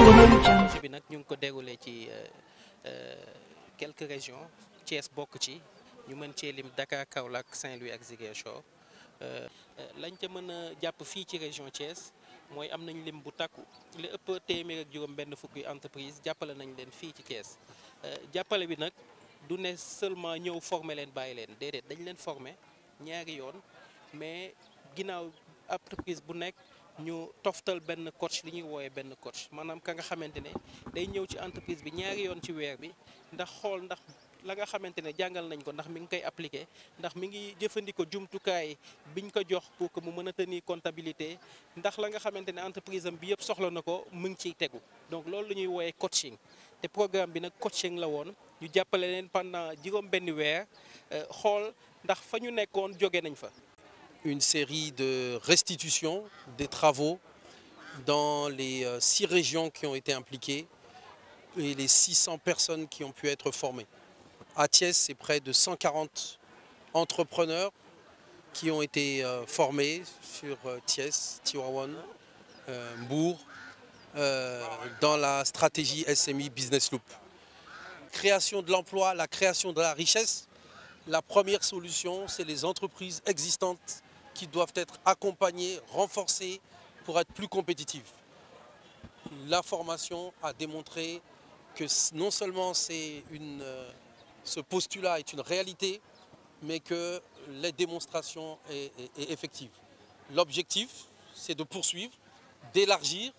bi nag ñu ko déroulé ci euh, euh, quelques régions Thiès bokk ci ñu mën cee lim Dakar Kaolack Saint-Louis ak Ziguinchor euh, lañ ci mëna japp fi ci région Thiès moy am nañ lim bu takku le ëpp téeméer ak juróom benn fukki entreprise jappalé nañ leen fi ci Thiès jappalé bi nak du né seulement ñëw former leen bay leen déedéet dañ leen former ñaari yoon mais ginnaaw entreprise bu nek ñu toftal benn coach li ñuy wooyee benn coach maanaam ka nga xamante ne day ñëw ci entreprise bi ñaari yoon ci weer bi ndax xool ndax la nga xamante ne jàngal nañ ko ndax mi ngi koy appliquer ndax mi ngi jëfandikoo jumtukaay biñ ko jox pour que mu mën a tenir comptabilité ndax la nga xamante ne entreprise am bi yëpp soxla na ko mu ngi ciy tegu donc loolu la ñuy wooyee coaching te programme bi nag coaching la woon ñu jàppale leen pendant juróom benn weer euh, xool ndax fa ñu nekkoon jóge nañ fa une série de restitutions, des travaux dans les euh, six régions qui ont été impliquées et les 600 personnes qui ont pu être formées. À Thiès, c'est près de 140 entrepreneurs qui ont été euh, formés sur euh, Thiès, Tiwawan, Bourg, dans la stratégie SMI Business Loop. Création de l'emploi, la création de la richesse, la première solution, c'est les entreprises existantes qui doivent être accompagnés, renforcés pour être plus compétitifs. La formation a démontré que non seulement une, euh, ce postulat est une réalité, mais que les démonstrations est effective. L'objectif, c'est de poursuivre, d'élargir